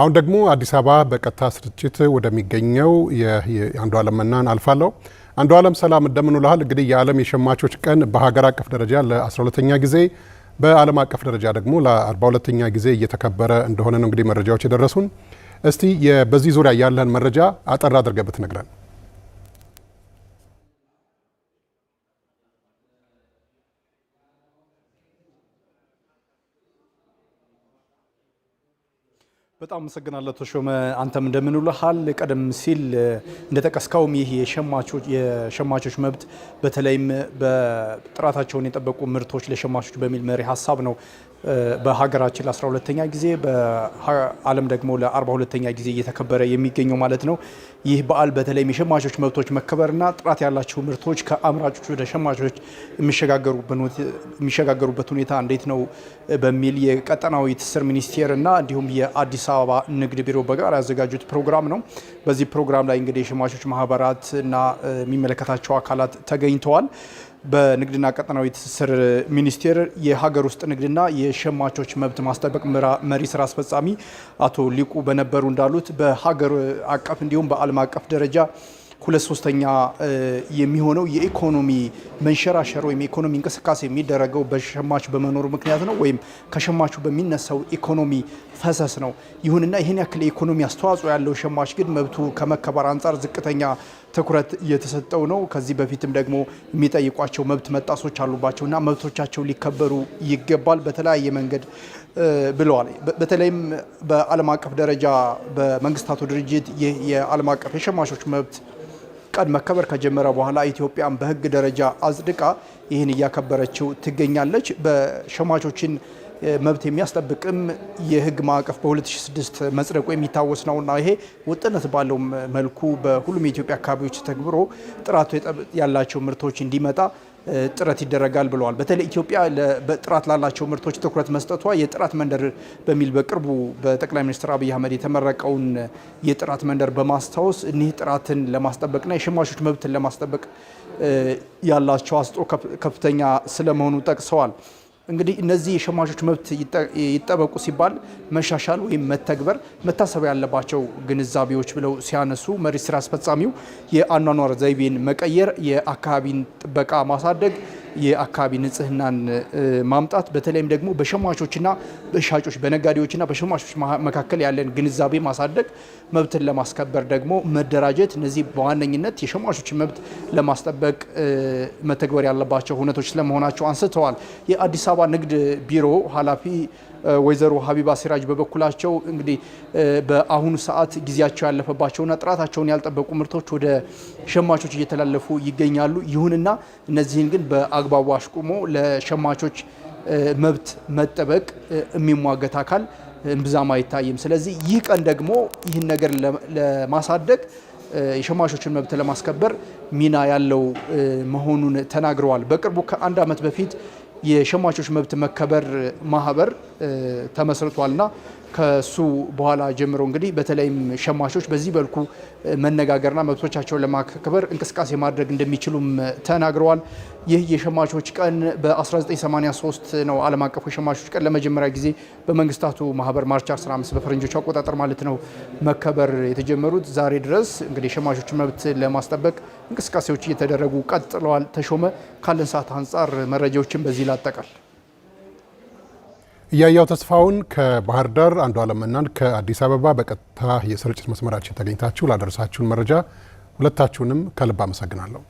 አሁን ደግሞ አዲስ አበባ በቀጥታ ስርጭት ወደሚገኘው የአንዱ ዓለም መናን አልፋለሁ። አንዱ ዓለም ሰላም እንደምን ውለሃል? እንግዲህ የዓለም የሸማቾች ቀን በሀገር አቀፍ ደረጃ ለ12ተኛ ጊዜ በዓለም አቀፍ ደረጃ ደግሞ ለ42ተኛ ጊዜ እየተከበረ እንደሆነ ነው እንግዲህ መረጃዎች የደረሱን። እስቲ በዚህ ዙሪያ ያለን መረጃ አጠር አድርገህ ብትነግረን። በጣም አመሰግናለሁ ተሾመ። አንተም እንደምንልሃል። ቀደም ሲል እንደጠቀስከውም ይህ የሸማቾች መብት በተለይም በጥራታቸውን የጠበቁ ምርቶች ለሸማቾች በሚል መሪ ሀሳብ ነው በሀገራችን ለ12ተኛ ጊዜ በዓለም ደግሞ ለ42ተኛ ጊዜ እየተከበረ የሚገኘው ማለት ነው። ይህ በዓል በተለይም የሸማቾች መብቶች መከበርና ጥራት ያላቸው ምርቶች ከአምራቾች ወደ ሸማቾች የሚሸጋገሩበት ሁኔታ እንዴት ነው በሚል የቀጠናዊ ትስስር ሚኒስቴር እና እንዲሁም የአዲስ አበባ ንግድ ቢሮ በጋር ያዘጋጁት ፕሮግራም ነው። በዚህ ፕሮግራም ላይ እንግዲህ የሸማቾች ማህበራት እና የሚመለከታቸው አካላት ተገኝተዋል። በንግድና ቀጠናዊ ትስስር ሚኒስቴር የሀገር ውስጥ ንግድና የሸማቾች መብት ማስጠበቅ መሪ ስራ አስፈጻሚ አቶ ሊቁ በነበሩ እንዳሉት በሀገር አቀፍ እንዲሁም በዓለም አቀፍ ደረጃ ሁለት ሶስተኛ የሚሆነው የኢኮኖሚ መንሸራሸር ወይም የኢኮኖሚ እንቅስቃሴ የሚደረገው በሸማች በመኖሩ ምክንያት ነው ወይም ከሸማቹ በሚነሳው ኢኮኖሚ ፈሰስ ነው። ይሁንና ይህን ያክል የኢኮኖሚ አስተዋጽኦ ያለው ሸማች ግን መብቱ ከመከበር አንጻር ዝቅተኛ ትኩረት እየተሰጠው ነው። ከዚህ በፊትም ደግሞ የሚጠይቋቸው መብት መጣሶች አሉባቸው እና መብቶቻቸው ሊከበሩ ይገባል በተለያየ መንገድ ብለዋል። በተለይም በዓለም አቀፍ ደረጃ በመንግስታቱ ድርጅት ይህ የዓለም አቀፍ የሸማቾች መብት ቀን መከበር ከጀመረ በኋላ ኢትዮጵያን በህግ ደረጃ አጽድቃ ይህን እያከበረችው ትገኛለች። በሸማቾችን መብት የሚያስጠብቅም የህግ ማዕቀፍ በ2006 መጽደቁ የሚታወስ ነውና ይሄ ውጥነት ባለው መልኩ በሁሉም የኢትዮጵያ አካባቢዎች ተግብሮ ጥራቱ ያላቸው ምርቶች እንዲመጣ ጥረት ይደረጋል ብለዋል። በተለይ ኢትዮጵያ በጥራት ላላቸው ምርቶች ትኩረት መስጠቷ የጥራት መንደር በሚል በቅርቡ በጠቅላይ ሚኒስትር አብይ አህመድ የተመረቀውን የጥራት መንደር በማስታወስ እኒህ ጥራትን ለማስጠበቅና የሸማቾች መብትን ለማስጠበቅ ያላቸው አስጦ ከፍተኛ ስለመሆኑ ጠቅሰዋል። እንግዲህ እነዚህ የሸማቾች መብት ይጠበቁ ሲባል መሻሻል ወይም መተግበር መታሰብ ያለባቸው ግንዛቤዎች ብለው ሲያነሱ መሪ ስራ አስፈጻሚው የአኗኗር ዘይቤን መቀየር፣ የአካባቢን ጥበቃ ማሳደግ የአካባቢ ንጽህናን ማምጣት በተለይም ደግሞ በሸማቾችና በሻጮች በነጋዴዎችና በሸማቾች መካከል ያለን ግንዛቤ ማሳደግ፣ መብትን ለማስከበር ደግሞ መደራጀት፣ እነዚህ በዋነኝነት የሸማቾችን መብት ለማስጠበቅ መተግበር ያለባቸው ሁነቶች ስለመሆናቸው አንስተዋል። የአዲስ አበባ ንግድ ቢሮ ኃላፊ ወይዘሮ ሀቢባ ሲራጅ በበኩላቸው እንግዲህ በአሁኑ ሰዓት ጊዜያቸው ያለፈባቸውና ጥራታቸውን ያልጠበቁ ምርቶች ወደ ሸማቾች እየተላለፉ ይገኛሉ። ይሁንና እነዚህን ግን በ በአግባቡ አሽቁሞ ለሸማቾች መብት መጠበቅ የሚሟገት አካል እምብዛም አይታይም። ስለዚህ ይህ ቀን ደግሞ ይህን ነገር ለማሳደግ የሸማቾችን መብት ለማስከበር ሚና ያለው መሆኑን ተናግረዋል። በቅርቡ ከአንድ ዓመት በፊት የሸማቾች መብት መከበር ማህበር ተመስርቷልና ከሱ በኋላ ጀምሮ እንግዲህ በተለይም ሸማቾች በዚህ በልኩ መነጋገርና መብቶቻቸውን ለማክበር እንቅስቃሴ ማድረግ እንደሚችሉም ተናግረዋል። ይህ የሸማቾች ቀን በ1983 ነው ዓለም አቀፉ የሸማቾች ቀን ለመጀመሪያ ጊዜ በመንግስታቱ ማህበር ማርች 15 በፈረንጆች አቆጣጠር ማለት ነው መከበር የተጀመሩት። ዛሬ ድረስ እንግዲህ የሸማቾች መብት ለማስጠበቅ እንቅስቃሴዎች እየተደረጉ ቀጥለዋል። ተሾመ፣ ካለን ሰዓት አንጻር መረጃዎችን በዚህ ላጠቃል። እያያው ተስፋውን ከባህር ዳር አንዱ አለምናን ከአዲስ አበባ በቀጥታ የስርጭት መስመራችን ተገኝታችሁ ላደረሳችሁን መረጃ ሁለታችሁንም ከልብ አመሰግናለሁ።